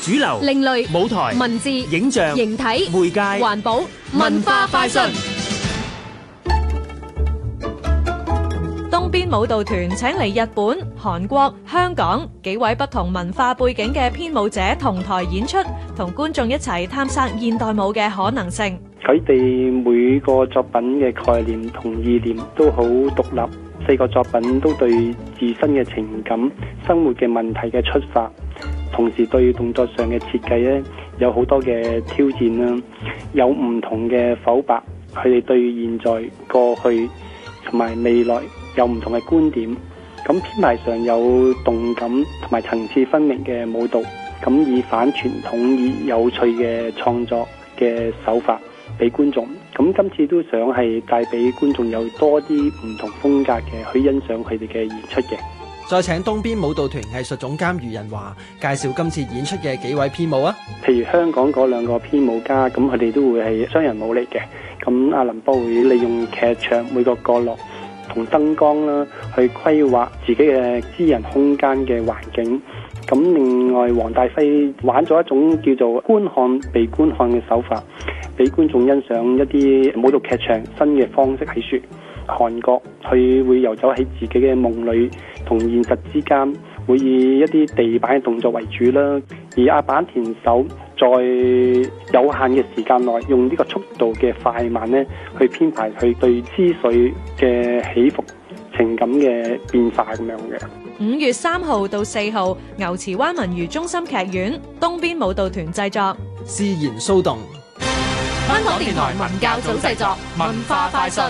主流、另類舞台、文字、影像、形體、媒介、環保、文化、快訊。東邊舞蹈團請嚟日本、韓國、香港幾位不同文化背景嘅編舞者同台演出，同觀眾一齊探索現代舞嘅可能性。佢哋每個作品嘅概念同意念都好獨立，四個作品都對自身嘅情感、生活嘅問題嘅出發。同時對動作上嘅設計咧，有好多嘅挑戰啦，有唔同嘅剖白，佢哋對現在、過去同埋未來有唔同嘅觀點。咁編排上有動感同埋層次分明嘅舞蹈，咁以反傳統、以有趣嘅創作嘅手法俾觀眾。咁今次都想係帶俾觀眾有多啲唔同風格嘅去欣賞佢哋嘅演出嘅。再請東邊舞蹈團藝術總監余仁華介紹今次演出嘅幾位編舞啊，譬如香港嗰兩個編舞家，咁佢哋都會係雙人舞嚟嘅。咁阿林波會利用劇場每個角落同燈光啦，去規劃自己嘅私人空間嘅環境。咁另外黃大輝玩咗一種叫做觀看被觀看嘅手法。俾觀眾欣賞一啲舞蹈劇場新嘅方式，喺説韓國，佢會游走喺自己嘅夢裏同現實之間，會以一啲地板嘅動作為主啦。而阿板田手在有限嘅時間內，用呢個速度嘅快慢呢去編排佢對情緒嘅起伏、情感嘅變化咁樣嘅。五月三號到四號，牛池灣文娛中心劇院，東邊舞蹈團製作《自然騷動》。香港電台文教組製作，《文化快訊》。